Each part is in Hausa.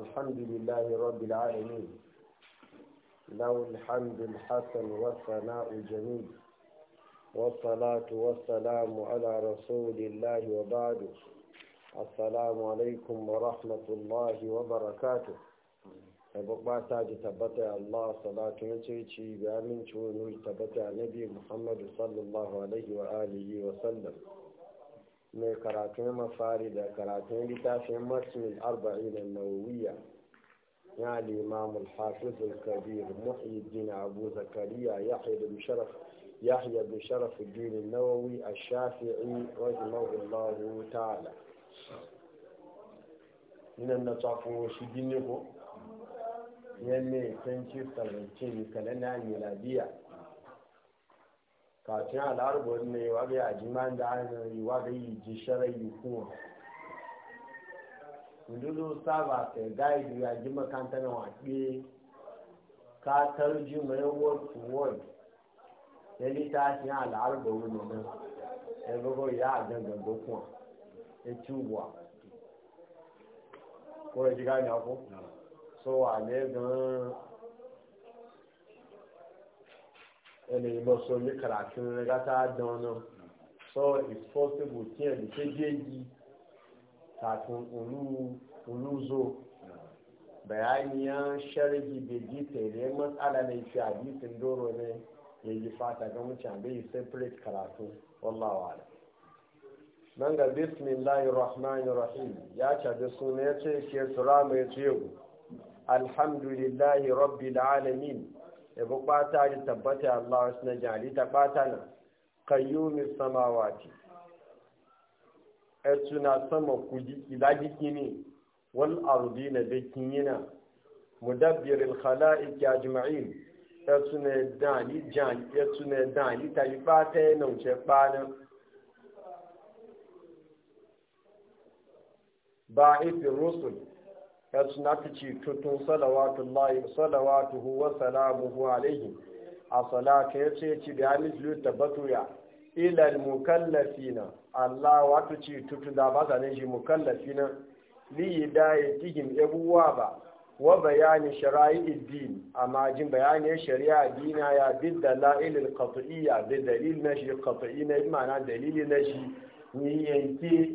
الحمد لله رب العالمين له الحمد الحسن والثناء الجميل والصلاة والسلام على رسول الله وبعد السلام عليكم ورحمة الله وبركاته sababba ta ji tabbata Allah salatu ya ce ci ga min ciwo tabbata nabi Muhammadu sallallahu alaihi wa alihi wa sallam mai karatun mafari da karatun littafin martin arba'in da nawawiya ya limamu hafiz kabir muhyiddin abu zakariya yahya bin sharaf yahya bin sharaf din nawawi ash-shafi'i rahimahullahu ta'ala nan na tsafo shi dinne ko yanne 2017 kalana miladiya kacin al'arbar ne waga ya ji man da hannun yi waga yi ji sharai yi kuma kududu saba sai gaidu ya ji makanta na waɗe ka tarji mai word to word ya ni ta shi al'arbar wani nan ya gogo ya gangan dokuwa ya ci uwa ko ya ji gani ako so wa ne gan ẹni ìmọ̀sọ ní kàràkì rẹ̀ gátà dán náà so it's possible kí ẹni kéjèèjì tààtún olúzo bayaniyan sharhi beji tere matsala ne fi hadisin doro ne ya yi fata ga mutane bai separate karatu wallawa da nan ga bismillahir rahmanir ya ce da suna ya ce ke sura mai ciwo alhamdulillahi rabbil alamin da bu ɓata da tabbata Allah wasu na jari ta ɓata na kayyumin samawati ‘yar suna sama ku jiki za jiki ne wal ardi na bikin yana mudabbirin khala'ik ya jima'in ‘yar suna dani jan ‘yar suna dani ta yi ɓata ya nauce ɓana ba ifin rusul yasu na ta ce tutun salawatun lai salawatu huwa salamu huwa alaihi a salata ya ce ci da hannun jiliyar tabbato ya ilal mukallafi na allah wata ce tutun da ba sa ne shi mukallafi na liyi da ya tihim yabuwa ba wa bayani shara'i iddin a majin bayani ya shari'a dina ya bidda la'ilin kafa'iyya da dalil na shi kafa'i na yi mana dalili na shi ni yanke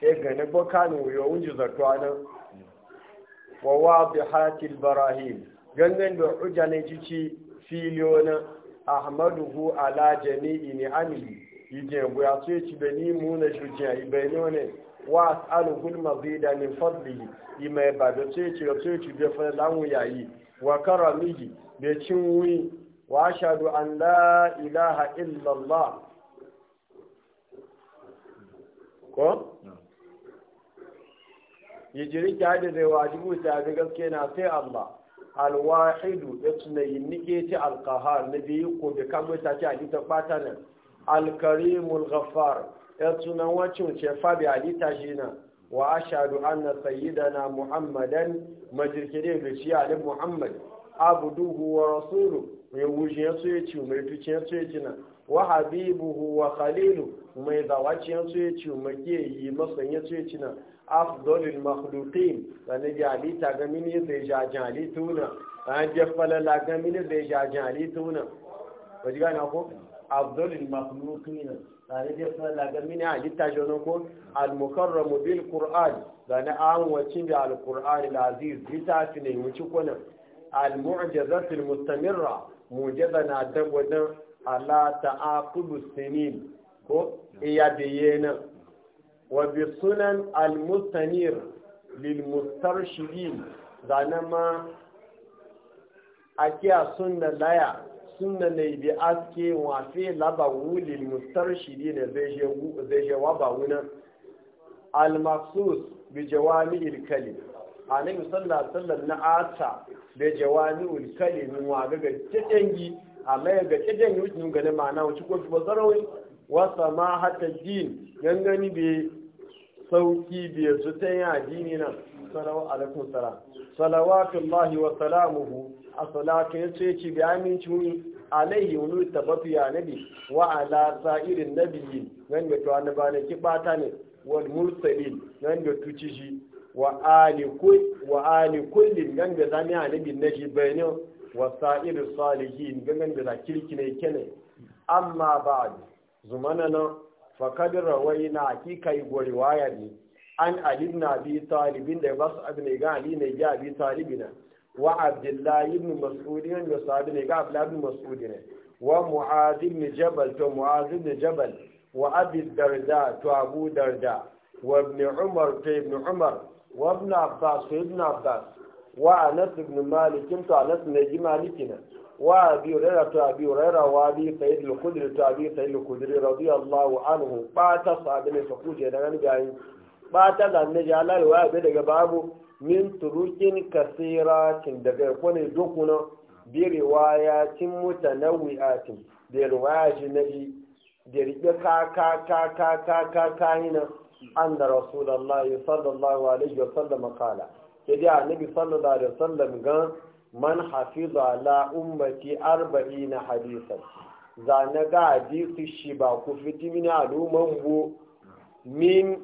ya gane bakanin wuyo wunji zartuwa wa wadihatil barahim gangan da hujja ne cici filiyona ahmaduhu ala jami'i amili yije buya so ci bani mu na shujiya ibani ne wa asalu al-mazida min fadli ima ba da so ci so yi be fa lamu yayi wa karamihi be cinwi wa ashhadu an la ilaha illallah ko hijirin ki haɗe zai wajibu ta fi gaske na sai Allah alwahidu ya tunayi nike ce alkahar na biyu ko bi kan mutu ce hadita fata nan alkarimul ghaffar ya tunan wacin ce fabi hadita shi nan wa a shaɗu an na sayida na muhammadan majirkirin rishi ali muhammad abuduhu wa rasulu mai wuce yansu ya ci mai tuce yansu ya ci wa habibu wa khalilu mai zawaci yansu ya ci mai ke yi masan yansu ya ci nan afdolin makhlukin wani jali ta gami ne zai ja jali tuna an jefala la gami ne zai ja jali tuna wajen gane ko afdolin makhlukin zane jefala la gami ne halitta jona ko al-mukarramu bil qur'an zane an wacin da al-qur'an al-aziz littafi ne wuci kuna al-mu'jazatul mustamirra mujaza na dan wajen ala ta'aqulu sinin ko iya bayyana وبسنن المستنير للمسترشدين زانما أكيا سنة لايا سنة نيبي أسكي وفي لبعو للمسترشدين زي جوابعونا المخصوص بجوامع الكلم annabi sallallahu alaihi wasallam na ata da jawami ulkali min wa ga gadangi amma ga gadangi wucin ga na mana wuci ko ba zarawi wa sama hatta din gangani be sauki biyar su ta yin addini nan salawa alaikun sara salawatullahi wa salamuhu a salatu ya ce ci bi aminci alaihi wani tabbatuya ya nabi wa ala sa'irin nabiyyi nan da tuwa na bane ki bata ne wa mursalin nan da tuci shi wa ali kull nan da zami na shi bayne wa sa'irin salihin gangan da kirki ne kene amma ba zumana nan fakadin rawai na hakika yi gori waya ne an alib na bi talibin da ba su abu ne ga ali ya bi talibina wa abdullahi ibn mas'udin ne su abu ne ga abdullahi ibn mas'udin wa mu'az ibn jabal to mu'az ibn jabal wa abi darda to abu darda wa ibn umar to ibn umar wa ibn abbas ibn abbas wa anas ibn malik to anas ne ji malikina wa abi raira to abi raira wa abi sayyid al to abi sayyid al-qudri radiyallahu anhu ba ta sabe ne sokuje daga ni gayi ba ta da ne ya lai wa daga babu min turukin kasira kin daga ko ne dokuna bi riwaya tin mutanawiatin da riwaya jinabi da rike ka ka ka ka ka ka ka hina an da rasulullahi sallallahu alaihi wa sallam kala sai da nabi sallallahu alaihi wa sallam ga man hafiza ala ummati arba'ina hadisan za na ga hadisi shi ba ku fiti mini al'umman bu min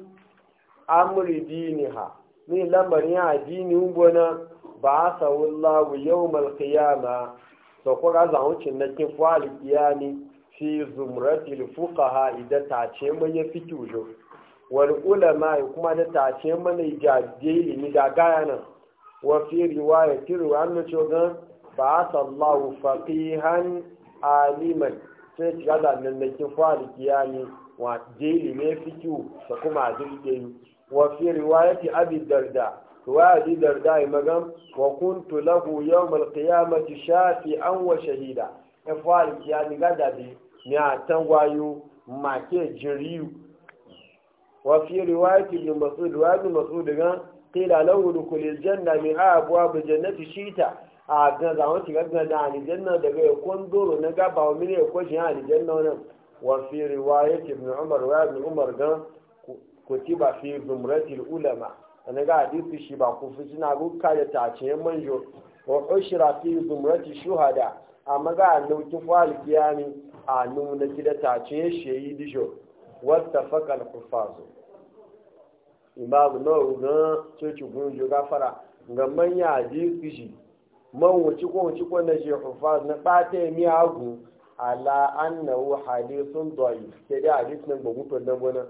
amri diniha min lamarin addini umbona ba sa wallahu yawmal qiyama to ko ga za wucin na kin fali kiyami fi zumratil fuqaha idan ta ce mai ya fitujo wal ulama kuma da ta ce mai jajjeli ni ga gaya nan riwaya وفي رواية رواية شوغان بعث الله فقيها aliman. sai da zannannakin fara kiyani wa jeli ne fi fikiyu da kuma a jirgin adilgin wa fi riwayati abin darda riwaya abi darda yi magan wa kuntu lahu yawmal shafi an wa shahida Ya fara kiyani gada bi ni a tangwayo make jiriyu wa fi riwayati masu mas'ud riwayati masu gan qila lahu dukhulil janna min abwab jannati shita a ga zawon shiga ga da ni aljanna daga ya doro na mu ne ko ya kwashe janna wannan wa fi riwayat ibn umar wa ibn umar ga kutiba fi zumrati ulama ana ga hadisi shi ba kufi suna ruka da tace manjo wa ushra fi zumrati shuhada amma ga nauki fal kiyami a nuna gida tace shayi disho wastafaka al-kufazu imamu nawawi ga coci kun jo gafara ga manya hadisi shi man wuce ko wuce ko na shi hufaz na bata mi agu ala annahu hadithun da'if sai dai hadith nan ba gutun nan gona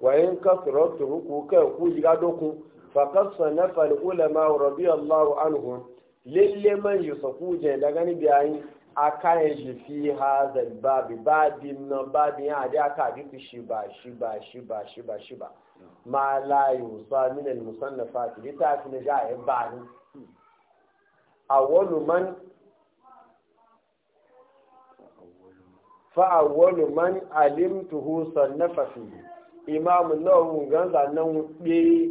wa in kasratu ruku kai ku jiga doku fa kasana fal ulama radiyallahu anhum lille man yusaku je daga ni biyayi akan shi fi hadal babi babin nan babin ya da aka hadisi shi ba shi ba shi ba shi ba shi ba ma la yusa min al musannafat litafin ja'i a awwalu man fa awwalu man alimtuhu sannafa fi imam nawawi ganza nan be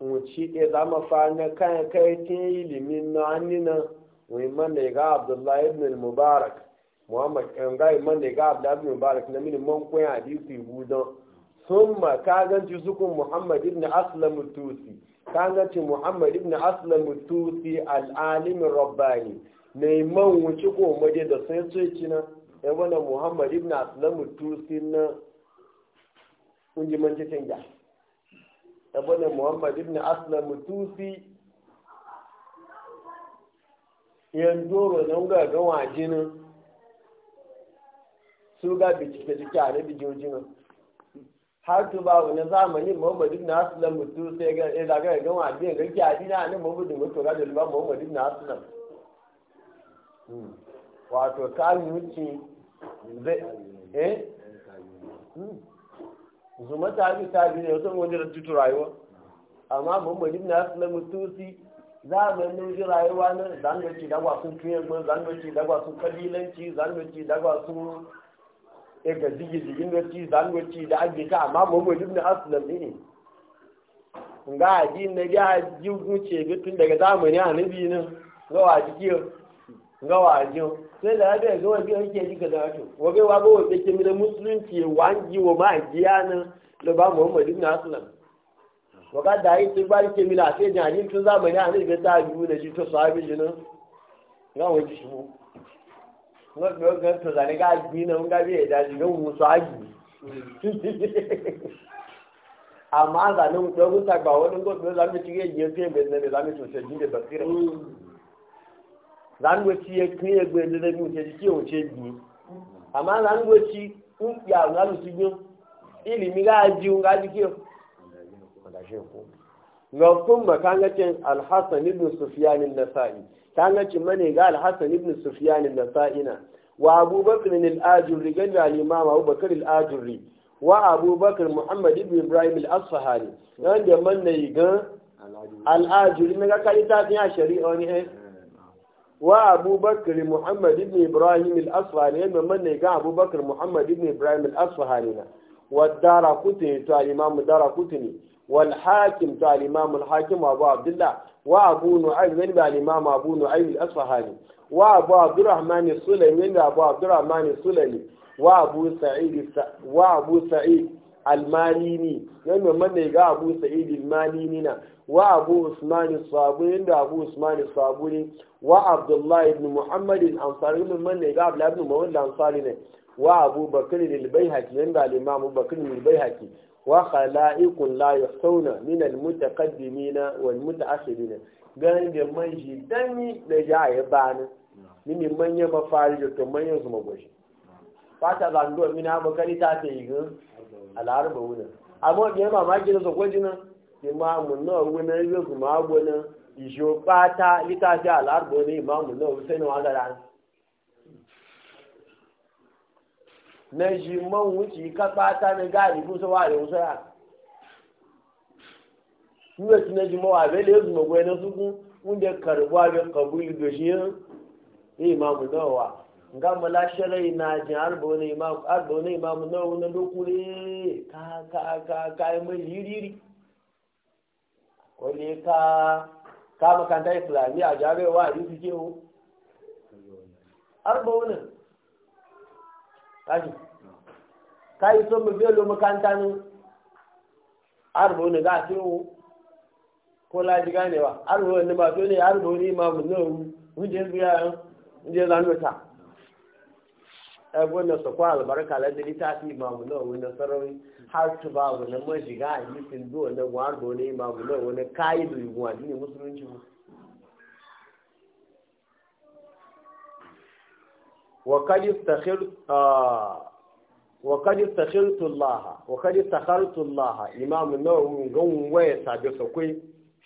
wuci e zama fa na kan kai tin ilimin na annina wai man da ga abdullahi ibn al mubarak muhammad kan ga man da ga abdullahi ibn mubarak na min man a koyan hadisi budan summa ka ganci sukun muhammad ibn aslam tusi ka ganci muhammad ibn al'alimin ne wuce da sai tsoci na ya wani muhammadu ibn aslam tusi na kunji manci ya wani muhammadu ibn aslam tusi yanzu gawa jinin su ga bincike jike a har to ba wani zamanin Muhammadu ibn Aslam mutu sai ga eh daga ga wa din ga adi na ne Muhammadu ibn mutu ga dalba Muhammadu ibn Aslam hmm. wato kan yuci eh hmm. zuma ta bi ta bi ne sun wani da rayuwa amma Muhammadu ibn Aslam mutu si zamanin ji rayuwa na zan ga ci dagwa sun tuye zan ga ci dagwa sun kabilanci zan ga ci dagwa sun e ga zigi zigin da ci zan ga ci da ake ka amma mu ibn aslan ne ga addin na ga ji guce tun daga zamani nabi ne ga ke ga waji sai da ga ga wani yake ji ga zato wa ga wa ga wani mi da musulunci wangi wa ma giya na da ba muhammad ibn aslam wa ga da yi ba yake mi la sai jani tun zamani nabi ta yi da shi to sahabi ne ga wani shi mu wọ́n fi ọgàn tó sani ká gbin náà nǹkan bí ẹ̀dá ṣì ló wù sọ àjù àmọ́ àzà ní wùtọ́ ń sàgbà wọn ní tí yé fún ẹgbẹ́ tó lè bàtí rẹ̀ tí kí ẹgbẹ́ tí ṣe gbin àmọ́ tí ń pè àwọn alùpùpù ìlì mi ká jí ká jí kí lọ fún alhassan ta ga mane ga al ibn sufyan da nasaina wa abubakar al-ajurri ga al-imam abubakar al-ajurri wa abubakar muhammad ibn ibrahim al-asfahani nan da manne ga al-ajurri na ga kalita tin ya shari'a ne eh wa abubakar muhammad ibn ibrahim al-asfahani nan manne ga abubakar muhammad ibn ibrahim al-asfahani na wa dara kutni to al-imam dara kutni wal hakim to al-imam al-hakim abu abdullah wa abu wani ba al-imam abu nu'ayb al-asfahani wa abu abdurrahman al-sulami abu abdurrahman al wa abu sa'id wa abu sa'id al-malini nan ne ga abu sa'id al-malini na wa abu usman al-sabuni da abu usman al-sabuni wa abdullah ibn muhammad al-ansari nan mun ne ga abdullah ibn muhammad al-ansari ne wa abu bakr al bayhaqi nan da al bakr al bayhaqi وخلائق لا يحصون من المتقدمين والمتأخرين ganin da man shi dani da ja ya bani mini manyan mafari da to manyan su magwashi fata zanduwa mini ha makari ta ta yi gan al'arba wuna amma biyan mamaki da sakwaji nan imamun na wuna yi su magwana isho fata litafi al'arba na shi man ka fata na gari kusa wa da ya si na jima wa bai na suku wanda karbuwa da kabuli ya imamu nawa nga na ji arba wani imamu nawa ka ka ka yi mai ka makanta islamiyya a jami'a wa a yi suke hu kashi kai so mu biyo lo makaranta ne arbo ne za a ce wo ko laji ganewa arbo ne ba so ne arbo ne ma mu ne wuje zuya yan wuje zanu ta abuwan da su kwa albarka ladiri ta fi ma mu ne wani sarari har tu ba wani majiga a yi sin zuwa na arbo ne ma mu ne wani kayi da yi musulunci mu وقد استخرت آه وقد استخرت الله وقد استخرت الله إمام النووي قوم ويسع بسوكي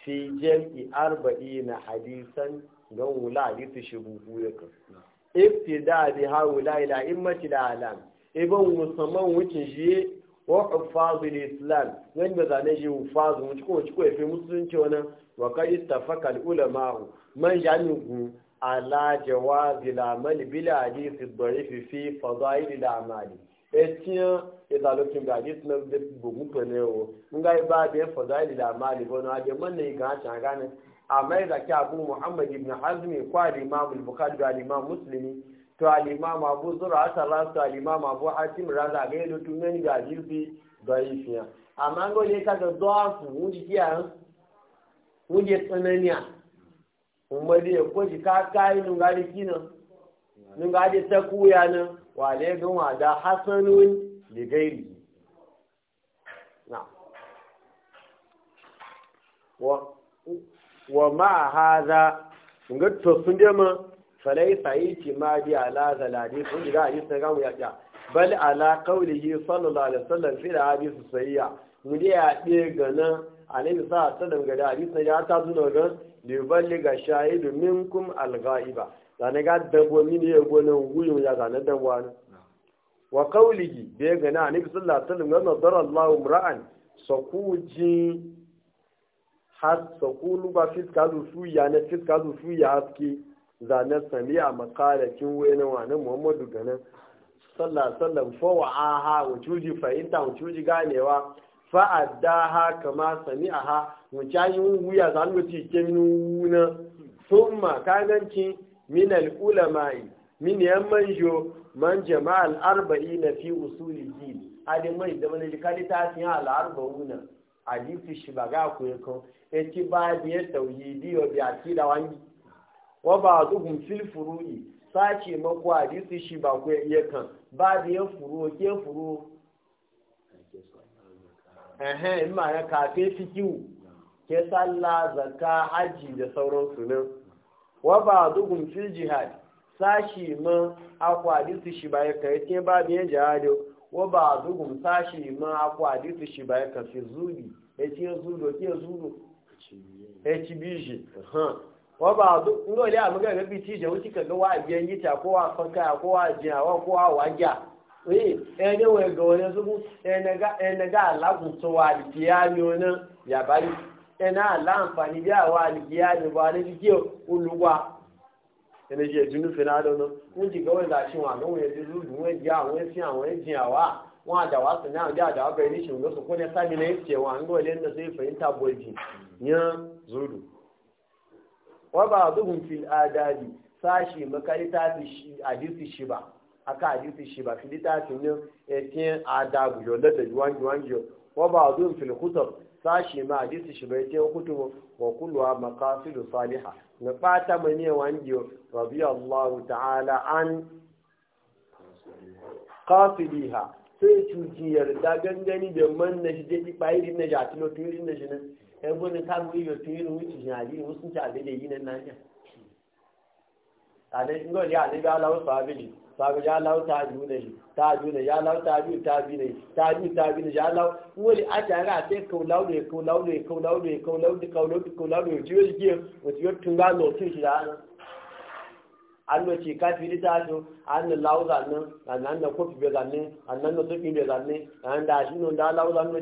في جمع أربعين حديثا قوم لا يتشبه شبوهوك ابتداء بهؤلاء الأئمة العالم ابن مصمم وتنجيه وحفاظ الإسلام من وين مزانجي وفاظ وشكو وشكو في مسلم وقد استفق العلماء من جعلهم ala jawazi lamali bila hadisi darifi fi fadaili lamali etiyan idalokin e ga hadisi na de bugun pele o nga e ba be fadaili lamali bono aje manne ga ta gane amma da e ki abu muhammad ibn hazm ko al imam al bukhari da imam muslimi to al imam abu zura sallallahu to al imam abu hatim raza ga yelo tunani ga hadisi darifiya amma ngole ka ga dafu wuri kiyan wuri tsananiya umari ya kwashi kakayi nungari kinan nungari ta kuya nan wale gan wada hasanun ligairi na wa ma haza ga to sun dama? falai sai ki ma bi ala zaladi sun diga a yisa ga mu ya bal ala qawlihi sallallahu alaihi wasallam fi hadisi sayya mu ya de ganan annabi sallallahu alaihi wasallam ga hadisi ya ta zuwa ganan liballiga shahidu minkum alghaiba zane ga dabo min ya gona guyu ya zane dabo an wa qawlihi be ga na annabi sallallahu alaihi wasallam ga dara Allah umra'an sakuji har sakulu ba fiska zu su ya na fiska zu ya haske zane sami'a makalakin wani wani Muhammadu ganin sallallahu alaihi wasallam fa wa'aha wa tuji fahimta wa tuji ganewa ha kama sami'aha wuce yi wuya za mu ci ke nuna summa kananci min al-ulama'i min yamman jo man jama'a al-arba'i na fi usuli din adin da mana jikali ta fi al-arba'una hadisi shi ba ga ku yako e ti ba bi ya tauhidi o bi akida wangi wa ba zuhum fil furu'i sace mako hadisi shi ba iya kan. ba bi ya furu ke furu ehe in ma na kafe fikiu ke sallah zakka haji da sauran sunan wa ba dugun fil jihad sashi ma akwadisi shi ba kai te ba biye jihado wa ba dugun sashi ma akwadisi shi ba ka fi zuri e ti zuro ti zuro e ti biji ha wa ba dugun ngole amaga ga biti je wuti kaga wa biyan yita ko wa fanka ko wa jiya wa ko wa wajja ẹni wọn ẹgbẹ́ wọn ẹsùn ẹnẹgá alákùntún wa àdìyá ni wọn náà yàbáyé ẹnà aláǹfààní bí àwọn àdìyá ni wọn alẹ́ jíjẹ́ olùwà ẹnìjẹ́ ìdúnú fẹ́ náà lọ́nà wọ́n jì gbọ́wọ́ ìlà wọn àná wọn ẹ̀dẹ́ lùlù wọn ẹ̀dẹ́ àwọn ẹ̀sìn àwọn ẹ̀jìn àwa wọn àdàwà sí náà ọjọ́ àdàwà kọ́ni wọ́n bá àdúgbò fi àdáàdì mẹ́kálítà àdìsí aka hadisi shi ba fi littafin nan yakin eh, adabu yo da juwan juwan yo ba ba'dun fil khutub sashi ma hadisi shi bai ce kutubu wa kulluha maqasidu salihah na fata mai ne Rabi Allah ta'ala an qasidiha sai cuci yarda gangani da man na shi dai bayiri na jati no turin na shi nan ai gona ta mu yo turin wuce shi hadisi wasu ta da yi nan na shi a dai ngo ya da ala wasu abili babu ya lau ta ju ne ta ju ne ya lau ta ju ta bi ne ta ju ta bi ne ya lau wani a tare a sai kau lau ne kau lau ne kau lau ne kau lau ne kau lau ne kau lau ne jiyo jiyo yau tun tunga lau tun shi da an no ce ka fili ta jo an no lau da nan an nan da kofi bai da nan an nan da to bai be da nan an da shi no da lau da no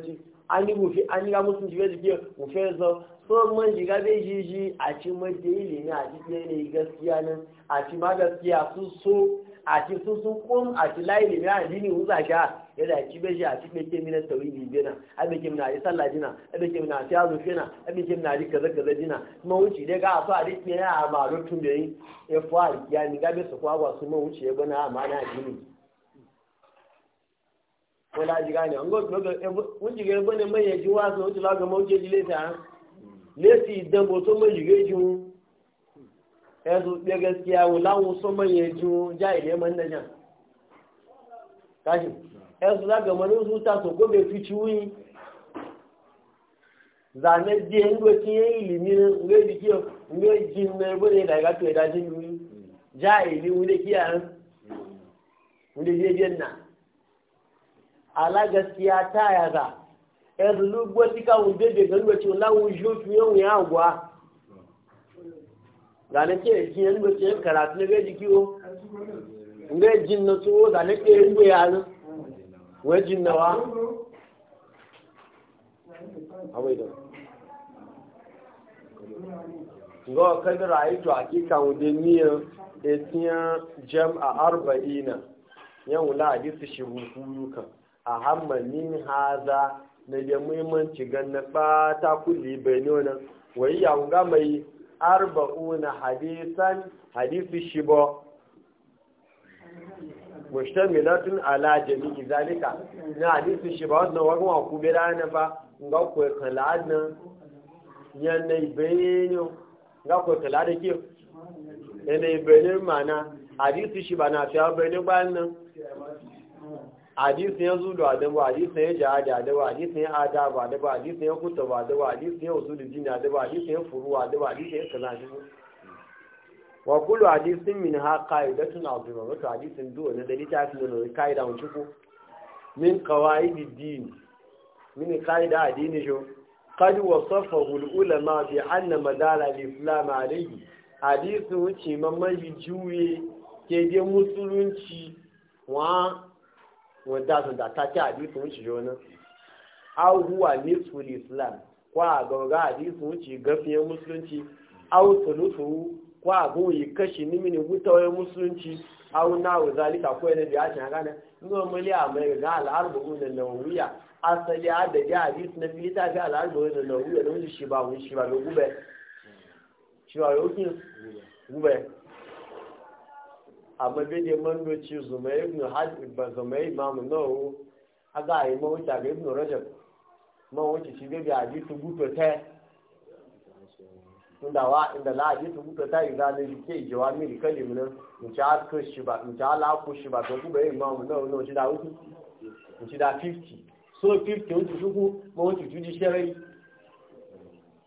an yi mufi an yi ga musun jiyo jiyo mu fe zo so man shiga bai shi shi a ci mai da ne a ci ne gaskiya nan a ci ma gaskiya su so àti tuntun kún àti láì lè mìíràn nínú ìwúzà ṣá yẹ́dà ìkíbẹ́ṣẹ́ àti pẹ́kẹ́mìnà tẹ̀wé ìgbìgbéna ẹgbẹ́kẹ́mìnà àti sálàdínà ẹgbẹ́kẹ́mìnà àti azùfínà ẹgbẹ́kẹ́mìnà àti kẹ̀lẹ́kẹ̀lẹ́dínà mọ òun tìlẹ̀ ká àtọ́ àti náà àmà ló tún bẹ̀ yín ẹ̀fọ́ àríkíá ni gábẹ́ sọ̀kọ́ àgbà súnmọ́ òun tìlẹ̀ gbọ́n náà àmà náà ya zuɓe gaskiya wulawun so manye ju jahiliya man na jan kashi ya su zaga manin zuta so gobe fi ciwuyi zane je ndo doki ya yi nge di ki nge jin na bo ne daga to da jin ni jahili wule ki an wule je je na ala gaskiya ta ya za ezulu gbo ti ka wunde de gan gbo ti lawun jo fi yawun ya gwa zane ke jin yan gbe karatu na gaji kiwo nga jin na tuwo zane ke yan gbe yana wa jin na wa awai da ga kadar ayi to hakika wude niyan etiyan jam'a arba'ina yan wula hadisi shuruku kan a hammanin haza na da muhimmanci gan na ɓata kulli bai nuna wai ya ga mai arba'una hadisan hadisi shibo mushtamilatun ala jami'i zalika na hadisi shibo wannan wagon wa ku bira na fa nga ku kala nan yana ibenyo nga ku kala da ke yana ibenyo mana hadisi shibo na fi abene gbanin hadisi ya zulu adabu hadisi ya da adabu hadisi ya adabu adabu hadisi ya kutubu adabu hadisi ya usulu dini adabu hadisi ya furu adabu hadisi ya kaza shi wa kullu hadisin min ha qa'idatun azima wato hadisin duwa na da littafin da nori ka'ida mun ciko min qawaidi din min qa'ida addini jo qad wasafahu ulama bi anna madala al-islam alayhi hadisi wuce mamman juye ke je musulunci wa wanda sun da ta ci hadisin wuce wani au huwa nisful islam ko a gaura hadisin wuce gafiyar musulunci au sulusu ko a goyi kashi nimini wutawar musulunci au nawo zalika ko yana da yashin gane nuna mali a mai ga al'arbu da nawiya asali a da ji hadis na filita ga al'arbu da nawiya da wani shi ba wani shi ba ga gube shi ba ga gube amma bai da mandoci zumai ibn hajj ba zumai imamu nawo a ga a yi mawuta ga ibn rajab mawuci shi bai ga hadisu guto ta inda wa inda la hadisu guto ta iza ne ke ijewa miri kalim nan in ci haka shi ba in ci halaku shi ba ga guba imamu nawo na wuci da wuce in ci da 50 so 50 wuci shuku mawuci juji shirai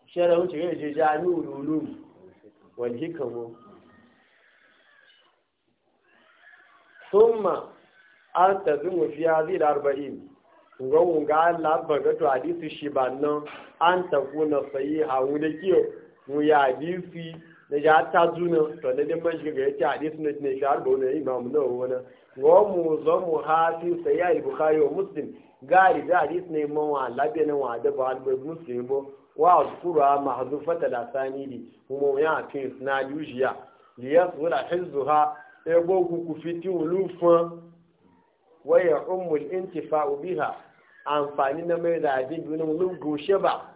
shirai wuci ga yaje jami'ul ulum wal hikamu summa an tafi mu fi hazi da arba'in ga wunga Allah ba ga to hadisi shi ba nan an tafi na sayi hawu da kiyo mu ya hadisi na ya ta zuna to da dai mashi ga yace hadisi na ne shar ba wani imam na wani wa mu zo mu hafi sayi al-bukhari wa muslim gari da hadisi ne mun wa labe ne wa da ba muslim bo wa azkura mahdhufata da sanidi kuma ya tin na yujiya liyasula hizzuha ebo kuku fiti wulu fun waya ummul intifa biha amfani na mai da abin duniya wulu gushe ba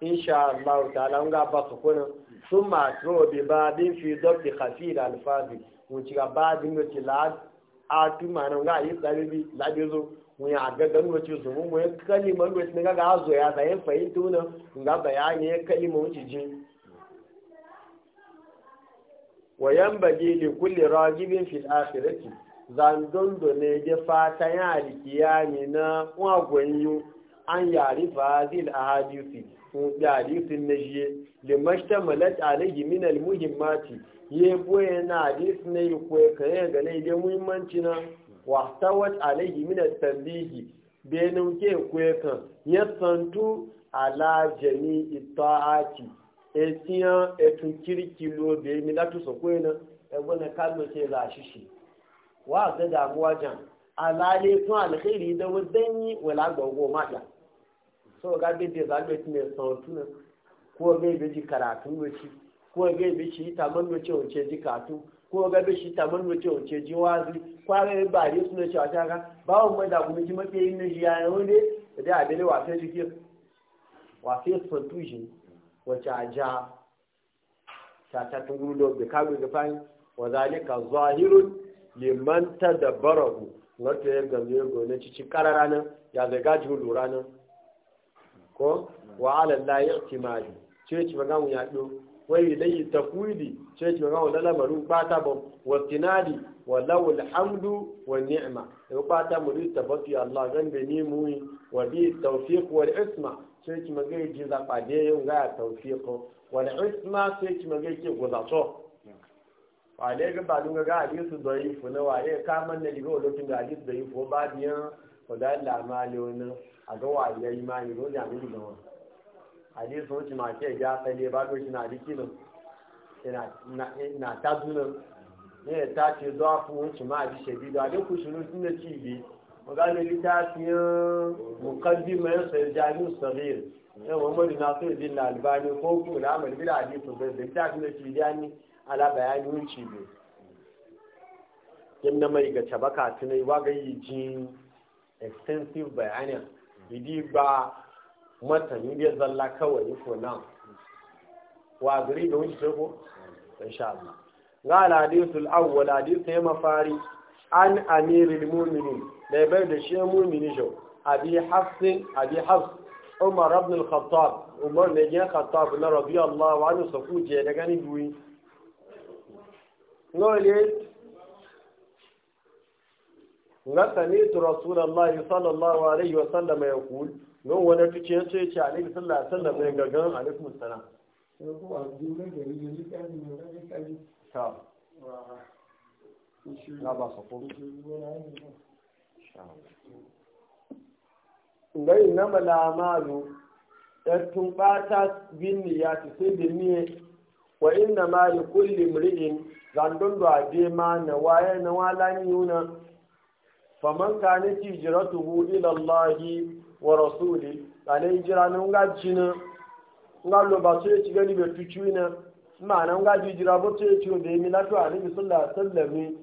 insha Allah ta'ala nga ba su kuna sun tro bi ba bin fi dabti khafir alfazi mun ci ba din da ci la a tu ma nga yi tsare bi la bi zo mun ya ga dan wace zo mun ya kalimar wace ne ga zo ya da yin fahimtu na nga bayani ya kalimar wace jin wa yambage li kulli ragibin fil akhirati zandon do ne je fata ya ni na wagwanyu an rifa zil ahadisi ko ya rifin na jiye li malat alayhi min al muhimmati ye boye na hadis ne ko kai ga ne da muhimmanci na wa tawat alayhi min al tanbihi be ke ko kan yasantu ala jami'i ta'ati etiyan etu kirki lo be mi latu so ko ina ebo na kalmo ce shishi wa ga da mu wajan alale tun alkhairi da wadanyi wala gogo ma da so ga be de za be tun so tun ko ga be ji karatu lo ci ko ga be shi ta man lo ce o ce ji karatu ga be shi ta man lo ce ji wazi kware ba ri sun ce a ta ga ba da kuma ji mafi yin e ne ya ne da abele wa sai ji ke wa sai so tujin wacce a ja ta ta tungulu da bai kawo ga fahim wa zalika zahirun liman ta da barahu wata ya ganzu ya gona cici karara nan ya zaga ji lura nan ko wa alalla ya timari ce ci magan ya do wai ilayhi tafwidi ce ci magan wala lamaru ba ta ba wa lawul hamdu wa ni'ma ya ba ta mu tabbati Allah zan gani ni mu wa bi tawfiq wal isma sai ki magai ji zaɓa da yau ga taufiƙo wani isma sai ki magai ke guzato wale ga ba dunga ga hadisu da yi funa wale ka man na liga lokacin ga hadisu da yi funa ba biyan kuda lamali wani a ga wale ya yi ma ni roja mi da wani hadisu wuce ma ke ga tsale ba ko shi na riki nan na ta zunan ne ta ce zuwa fun wuce ma ji shabi da ku shinu tun da ci bi. magana littafin muqaddimar sai jami'u sahih yan muhammadu nasir din na albani ko kuma na amal bila hadisu zai da littafin da shi jani ala bayani wuce ne yadda mai ga tabaka tunai wagayi jin extensive bayanin bidi ba matani da zalla kawai ko nan gari da wuce ko insha Allah ga al-hadithul awwal hadith ya mafari an amiril muminin da bai da shi mumini shau abi hafsin abi hafs umar ibn al-khattab umar ne ya khattab na radiyallahu anhu safu je da gani duwi ngole na sami'tu rasulullahi sallallahu alaihi wa sallam yaqul non wani tuce ya ce ce alaihi sallallahu alaihi sallam ya gagan alaikum salam na ba safo ngai na malamalu yattun ɓata bin niyati sai da niyya wa inna ma li kulli mri'in zandon do ade ma na waye na wala ni yuna faman kana jira tuhu Allah wa rasuli kana hijra na nga jina nga lo ba so ci gani be na ma na nga hijra bo to ci o be mi la to ani sallallahu alaihi wasallam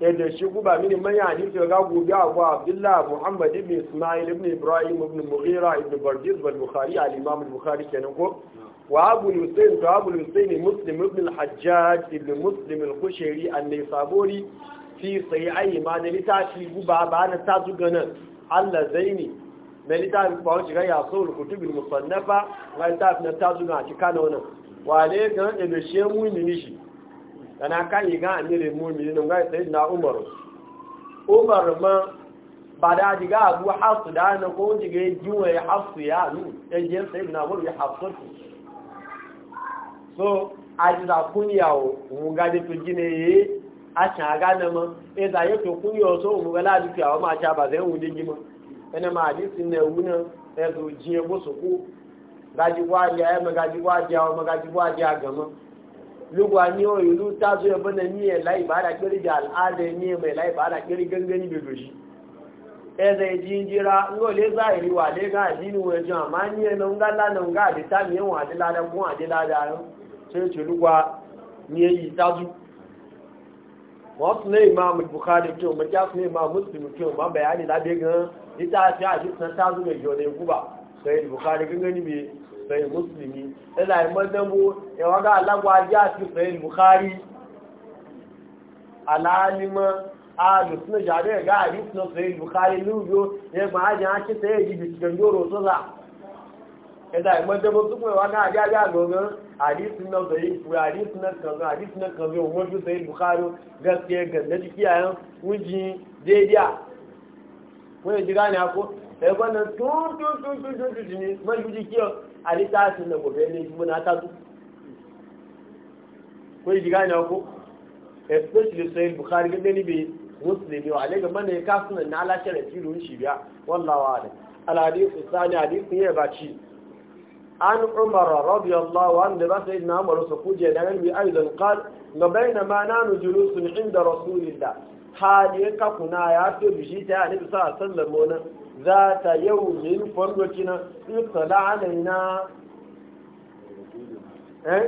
da shi ba mini manyan hadisi ga gobe abu abdullah muhammad ibn ismail ibn ibrahim ibn mughira ibn bardiz wal bukhari al imam al bukhari kenan ko wa abu husayn to abu husayn muslim ibn al hajjaj ibn muslim al kushairi an nisaburi fi sahihi ma da litafi guba ba na ta zuga nan allah zaini na litafi ba wuce ga ya saul kutub al musannafa ga litafi na ta zuga a cikin wannan wale ga da shi mu ni shi kana ka yi ga amiri mumini nan ga na umaru umaru ma ba da diga abu hafsu da na ko diga jiwa ya hafsu ya nu ya je sai na umaru ya hafsu so a ji da kunya o mu ga de yi a can ga na ma e da ya to kunya so mu ga la du ma cha ba zai ene ma di sin na wu na e do jiye bo so ku ya ma wa ja ma wa ja lugwa ni o yulu ta so ya bana ni la ibada kiri da al'ada ni mai la ibada kiri gangani be doshi e zai jinjira ngo le zahiri wa le ga dinu we jan ma ni e no ngala no nga de ta mi wa de la da kun ade la da ro se che lugwa ni e yi ta ju wa ne imam bukhari to ma ja ne imam muslim to ma bayani la be gan ita ta ji san ta ju me jode ku ba sai bukhari gangani bi. sọ̀yìn mùsùlùmí ẹ̀là ìmọ̀dẹ́wò ẹ̀wọ̀n ká aláwọ̀ ajá a kó ẹ̀gbọ́n náà tún tún tún tún tún ní mọ́jú kí ọ a littafin da gobe ne kuma na ta su ko yi gane ku? especially sahih bukhari ga dani bi muslimi wa alega mana ya kasuna na alashe da tilun shi biya wallahi wa alam al hadith sani hadith ne ba ci an umar radiyallahu anhu ba sai na umar su kuje da nan bi aidan qal ga bainama nanu julusun inda rasulillah hali ka kuna ya to bi shi ta annabi sallallahu alaihi za ta yau yin farloci na tsada alaina na?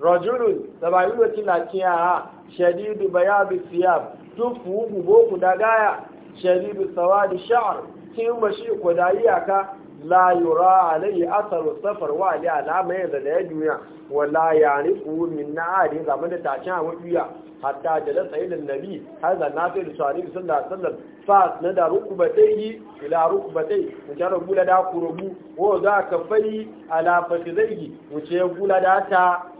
rajulun da ba yi lokaci lafiya ha shadidu bayabi siyab tufu gubo ku da gaya shadidu sawadi sha'ar kin bashi ku da Layura, yura alayhi atharu safar wa ali alama da ya duniya wala yarifu min na'ari zaman da ta can wa duya hatta jalasa ila nabi hadha nafi sallallahu alaihi wasallam fa na da rukubatai ila rukubatai mu ta gula da kurubu ko za ka fai ala fatizai mu ce gula da ta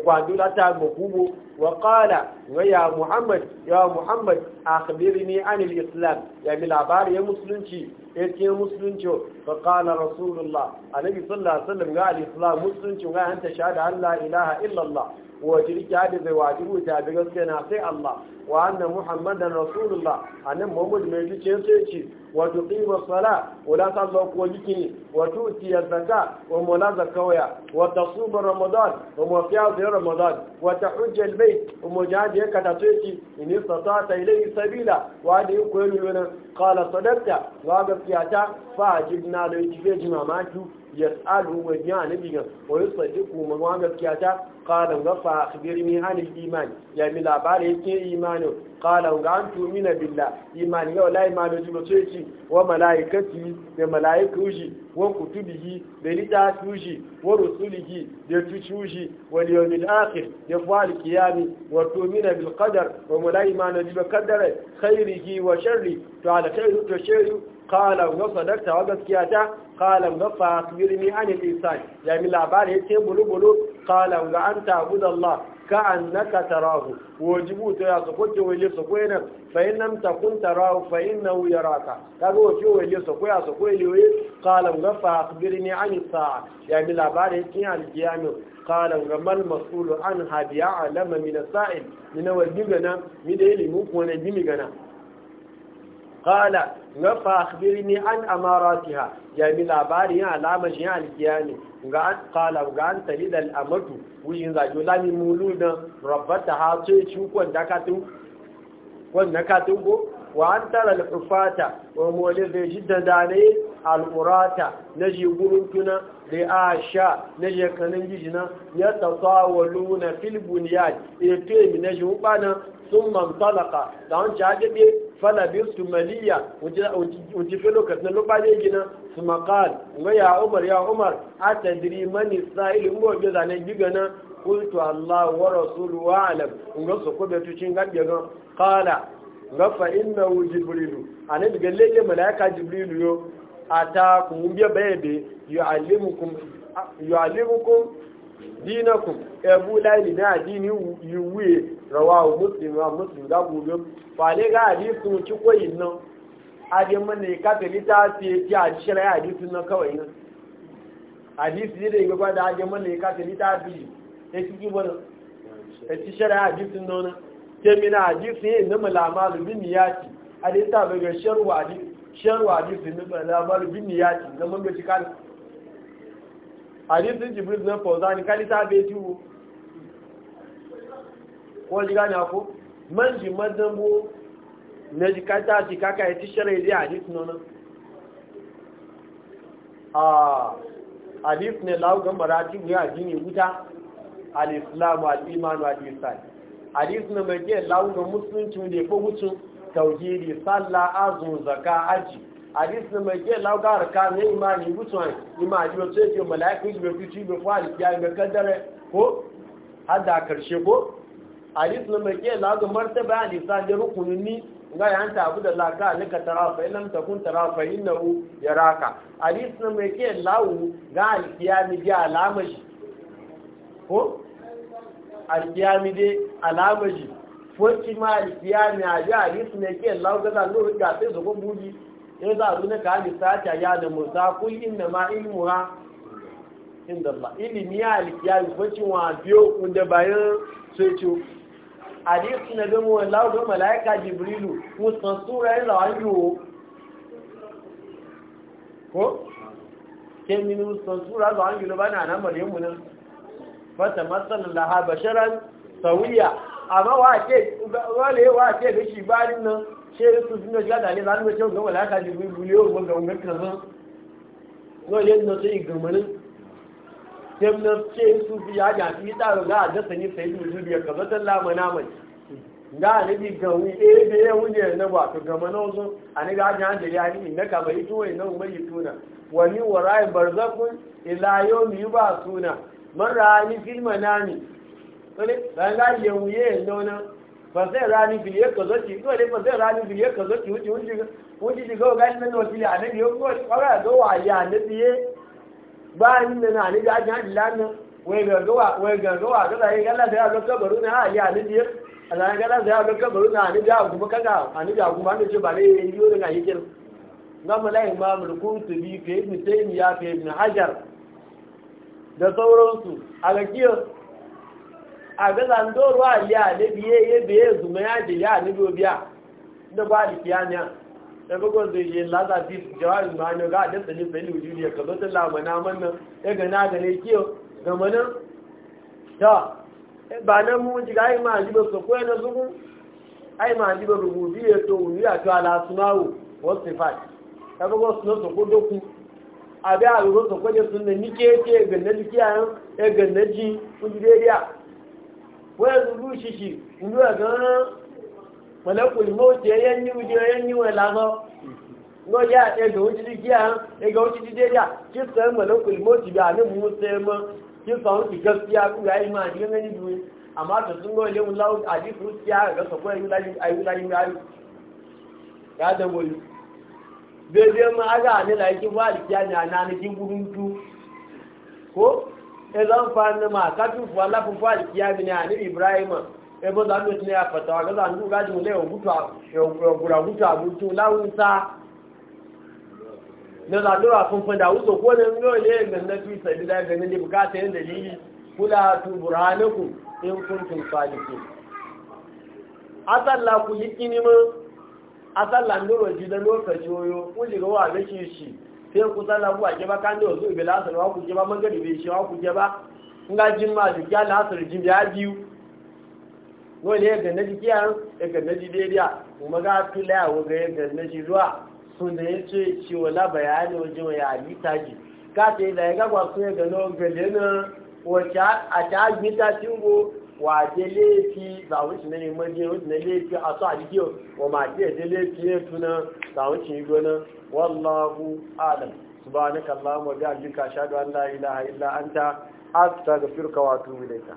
kwando la ta makubo wa qala wa ya muhammad ya muhammad akhbirni anil islam ya mi labari ya musulunci ya ce musulunci fa qala rasulullah annabi sallallahu alaihi wasallam ga al islam musulunci ga anta shahada allah la ilaha illallah wajirki hadi zai wajibu ta bi gaske na sai Allah wa anna muhammadan rasulullah annan muhammad mai ji ce sai ce wa tuqima sala wa la sallu ko yiki wa tuti zakka wa mula zakawaya wa tasum ramadan wa muqiya zai ramadan wa tahujj al bayt wa mujahid ya kada sai ce in istata ilayhi sabila wa da yuko yana qala sadaqta wa gaskiyata fa ajibna da yake jima maju يسأله وجه عن الإيمان ويصدقه مقام الكياتا قال وفا أخبرني عن الإيمان يعني لا بارك إيمان قال وقام تؤمن بالله إيمان يو لا إيمان جبتشي وملائكتي وملائك وجي وكتبه بلدات وجي ورسوله دلتش وجي واليوم الآخر يفوال كيامي وتؤمن بالقدر وملائمان جبكدر خيره وشره فعلى خيره وشره قال وصدقت وقت كياتا kala ga fasirini a ne nisan ya mi labari ya ce bulubulu kala ga an tabu da Allah ka an na ka tarahu wajibu ta ya sako ce wajen sako yana fa'in nan kun tarahu fa'in na wuya raka ta ga wajen wajen sako ya sako yi wajen kala ga fasirini a nisa ya mi labari ya ce aljiyami kala ga mal masulu an hadiya alama mi na sa'in ni gana mi da ilimin kuma gana qala wa fa akhbirni an amaratiha ya mi labari ya alama shi alkiyami ga an qala ga an talid al amatu wujin zajo lami muludan rabbata ha ce ci kon dakatu kon nakatu go wa an tara al ufata wa mawlid jidda dane al urata naji guruntuna ri'asha naji kanin jijina ya tasawaluna fil bunyad ite mi naji ubana sun mantalaka da an cagabe falabistu maliya wuce fi lokacin lokacin gina su makal ga ya umar ya umar a tadiri mani sa'ili mo bi zanen gigana kultu allah wa rasulu wa alam ga su kube tucin gabe gan kala ga fa inna wu jibrilu a nan daga lele mala'ika jibrilu yo a ta kun biya bayyabe yu'allimukum dinakum ebu laili na adini yuwe rawahu muslim wa muslim ga gobe fale ga hadisi mu ci koyin nan aje mana ka ta litafi ya ji shari'a hadisin nan kawai nan hadisi ne da ya gaba da aje mana ka ta litafi ya ci gibon ya ci shari'a hadisin nan ke mina hadisi ne na malamalu bin niyati a da ga sharwa hadisi sharwa hadisi ne malamalu bin niyati zaman ga shi kan hadisin jibril na fauzani kalita bai ciwo ko ji gane ko man ji madan bo na ji ka ta ji kaka ya tishara ya ji hadith nono a hadith ne lawo ga marati ya ji ne wuta al-islam al-iman wa al-ihsan hadith ne mai ke lawo ga musulunci ne fi mutum tauhidi sallah azun, zaka, aji hadith ne mai ke lawo ga arkan ne imani mutum imani wato ce malaiku ji bai fici bai fa'al ya ga kaddare ko har da karshe ko hadis na mai ke lagu martaba a lisan da rukunni ga ta abu da laka ne ka tara fa kun takun tara fa innahu yaraka hadis na mai ke lawu ga alkiyami ga alamaji ko alkiyami dai alamaji foki ma alkiyami a ji hadis na ke lawu ga zalu ga sai zuwa buji ya za a na ka hadisa ta ya da musa kul inna ma ilmuha inda Allah ilimi ya alkiyami foki wa biyo kun da bayan sai ciwo àdíkùn ẹgbẹ́ mú ẹ̀ láwùjọ mọ̀láíkà jìbìrìlù mo sàn súnra ẹ̀ là ń lò ó kó ni mo sàn súnra là ń lò bá ní ànámọ̀lẹ́ mu náà fata matsalar laha basharan sauya amma wa ke wale wa nan she sun ga da ne zan ga cewa mọ̀láíkà yau ga kemnan ce su fi ya jafi tsaro ga a dasa ni sai dubu biyar ka zata lamana mai ga a ga wi e da ya wuce na ba to gama na wasu a ga ya ni ka bai tuna wani barzakun ila yau ba suna man rani filma na ga ya wuye na rani ka ne rani ka ga kuma wa ya bayan nan ali da ajin hadi lan wai gagawa wai ga da yalla ga kabaru na ali ali diye ala ga na ali ba ne yiwo daga yake gama la imam al-qurtubi ka ibn taymiya ka ibn hajar da sauransu a ga a ali ya da bugun zai yi lada bi jawabin ma'ana ga da tsani sai lujudu ya kazo ta lamana mannan ya gana ga ne kiyo ga manan da eh, ba nan mu ji ga ma ji ba so na zugu ai ma ji ba rububiyya to uriya to ala sunawu wa sifat da bugun sunan so ko doku abi a ruwan so ko je sunna nike ke ga na dukiya ya ga na ji kun ji dai ya wai zugu shi shi mun mọ̀lẹ́kùn ìmọ̀ọ́tì ẹyẹ níwùdí ẹyẹ níwẹ̀ lánàá wọ́n yá ẹgbẹ̀ ó jíjí àán ẹgbẹ̀ ó jíjí dé yà kí sọ ẹ mọ̀lẹ́kùn ìmọ̀ọ́tì bí àánú mú sẹ mọ́ kí sọ ti gẹ́ sí akúrò ayé níbi àmọ́ àtọ̀tún náà léwu láwù àdìsú sí àrẹ̀ sọ̀kọ́ ayélujáyé fa ebo za mu tile afata wa gaza ndu gaji mule ogutu ogura ogutu agutu lawusa na za dora fun fun da wuzo ko ne ngo ne na fi sai da ganin da bukata yin dalili kula tu burhanakum in kuntum sadiqin asalla ku yi kinima asalla ndoro ji da lokaci oyo ku ji ga wa gashi shi sai ku sala ku ake ba kan da wasu ibila asalla ku je ba be shi ku je ba nga jin ma ji ya lasar jin ya biyu wani ya ganna ji kiyan ya ganna ji daidaiya kuma ga tula ya ga ya ganna ji zuwa sun da ya ce cewa wala bayani wajen wa ya ta ji ka ta yi da ya gagwa sun ya gano gale na wacce a ta halitta tingo wa je laifi ba wuce na neman je wuce na laifi a su aliki wa ma je je laifi ya tuna ba wuce yi gona wallahu adam subhanaka allahumma wa bihamdika ashhadu an la ilaha illa anta astaghfiruka wa atubu ilayka